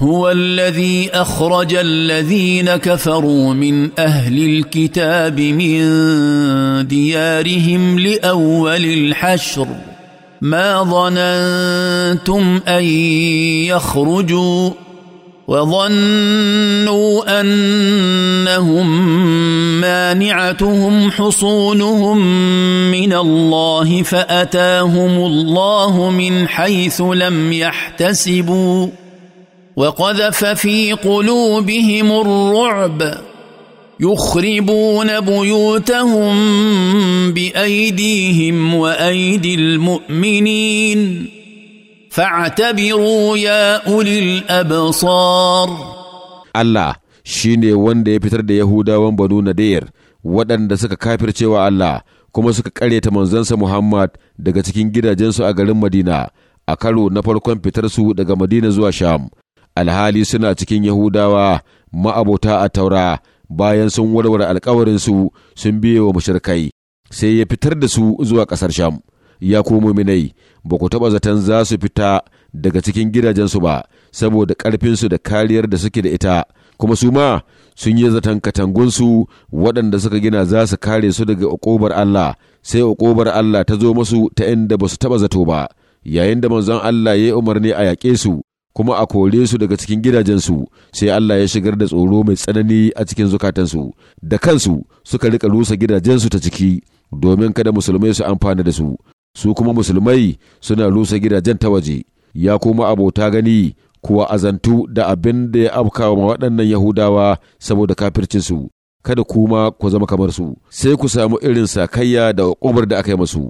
هو الذي اخرج الذين كفروا من اهل الكتاب من ديارهم لاول الحشر ما ظننتم ان يخرجوا وظنوا انهم مانعتهم حصونهم من الله فاتاهم الله من حيث لم يحتسبوا وقذف في قلوبهم الرعب يخربون بيوتهم بايديهم وايدي المؤمنين فاعتبروا يا اولي الابصار الله shine wanda ya fitar da Yahudawan Banu Nadir waɗanda suka kafircewa Allah kuma suka ƙareta manzansa Muhammad daga cikin gidajensu a garin Madina a karo na farkon fitarsu daga Madina zuwa Sham alhali suna cikin Yahudawa ma'abota a taura bayan sun warware alkawarinsu sun biye wa mashirkai sai ya fitar da su zuwa ƙasar Sham. Ya komo minai ba ku taɓa zaton za su fita daga cikin gidajensu ba, saboda ƙarfinsu da kariyar da suke da ita, kuma su ma sun yi zaton katangunsu waɗanda suka gina za su kare su daga ƙobar Allah, sai ƙobar Allah ta zo masu ta inda ba su taɓa zato ba, yayin da manzon Allah ya yi umarni a yaƙe su, kuma a kore su daga cikin gidajensu sai Allah ya shigar da tsoro mai tsanani a cikin zukatansu da kansu suka rika rusa gidajensu ta ciki domin kada musulmai su amfana da su su kuma musulmai suna rusa gidajen ta waje ya kuma abota gani kuwa azantu da abin da ya afkawa waɗannan yahudawa saboda kafircinsu kada kuma ku zama kamar su sai ku samu irin sakayya da ƙubar da aka yi masu